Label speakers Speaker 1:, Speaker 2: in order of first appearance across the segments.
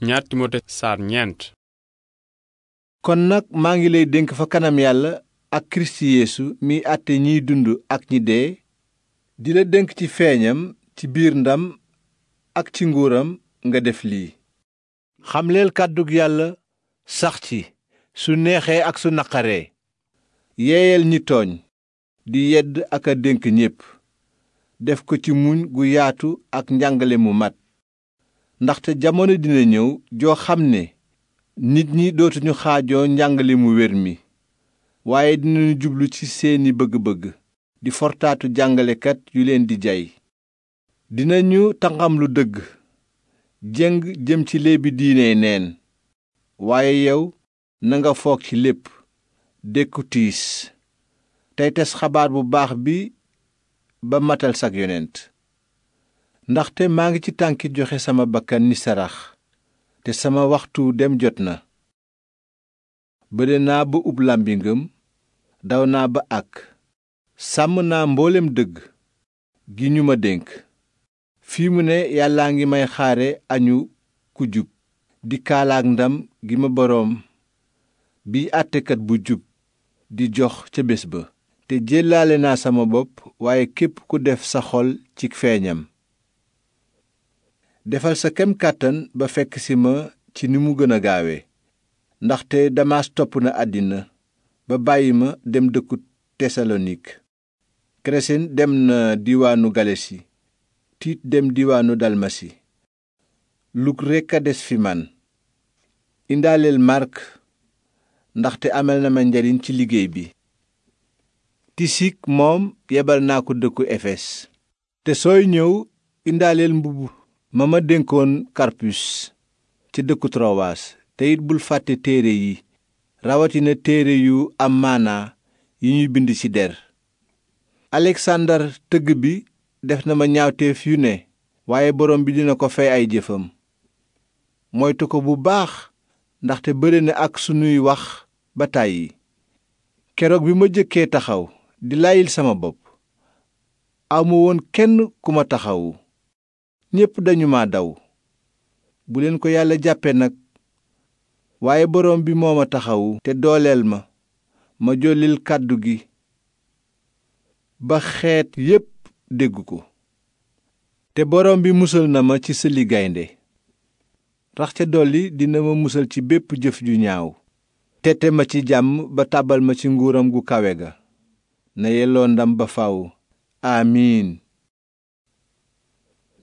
Speaker 1: ñaar timote saar ñeent kon nag maa ngi lay dénk fa kanam yàlla ak kirist yeesu miy àtte ñiy dund ak ñi dee di la dénk ci feeñam ci biir ndam ak ci nguuram nga def lii xamleel kàddug yàlla sax ci su neexee ak su naqaree yeeyal ñi tooñ di yedd ak a dénk ñépp def ko ci muñ gu yaatu ak njàngale mu mat ndaxte jamono dina ñëw joo xam ne nit ñi dootuñu xaajoo njàngale mu wér mi waaye dinañu jublu ci seeni bëgg-bëgg di fortaatu jàngalekat yu leen di jay dinañu tanqam lu dëgg jéng jëm ci léebi diine neen waaye yow nanga foog ci lépp dékku tiis tey tes xabaar bu baax bi ba matal sag yonent ndaxte maa ngi ci tànkit joxe sama bakkan ni sarax te sama waxtu dem jot na bëre naa ba ub làmbi ngëm daw naa ba àkk sàmm naa mboolem dëgg gi ñu ma dénk fii mu ne yàllaa ngi may xaare añu ku jub di kaalaak ndam gi ma boroom bi àttekat bu jub di jox ca bés ba te jéllaale naa sama bopp waaye képp ku def sa xol ci feeñam defal sa kem kàttan ba fekk si ma ci ni mu gën a gaawe ndaxte damaas topp na àddina ba bàyyi ma dem dëkku tesalonik kresen dem na diiwaanu galesi tiit dem diwaanu dalmasi luk rekk a des fi man indaaleel màrk ndaxte amal na ma njariñ ci liggéey bi tisik moom yebal naa ko dëkku efes te sooy ñëw indaaleel mbubb ma ma dénkoon karpus ci dëkku trowaas te bul fàtte téere yi rawatina téere yu am maanaa yi ñuy bind ci der aleksandar tëgg bi def na ma ñaawteef yu ne waaye borom bi dina ko fay ay jëfam moytu ko bu baax ndaxte bëre na ak sunuy wax ba tàyyi keroog bi ma jëkkee taxaw di layil sama bopp amu woon kenn ku ma taxawu ñépp dañu ma daw buleen ko yàlla jàppe nag waaye boroom bi moo ma taxawu te dooleel ma ma jollil kàddu gi ba xeet yépp dégg ko te boroom bi musal na ma ci sëli gaynde rax ca dolli dina ma musal ci bépp jëf ju ñaaw tette ma ci jàmm ba tàbbal ma ci nguuram gu kawe ga na yelloo ndam ba faw amiin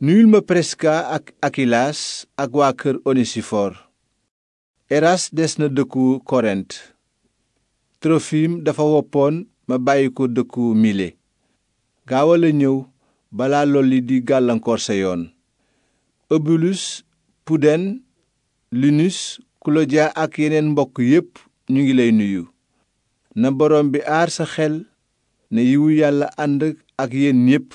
Speaker 1: nuyul ma preska ak akilaas ak waa kër onesifoor eras des na dëkku korent trofim dafa woppoon ma bàyyi ko dëkku mile gaawal a ñëw balaa lolli di gàllankoor sa yoon obulus puden linus kulodia ak yeneen mbokk yépp ñu ngi lay nuyu na boroom bi aar sa xel ne yiwu yàlla ànd ak yenn ñépp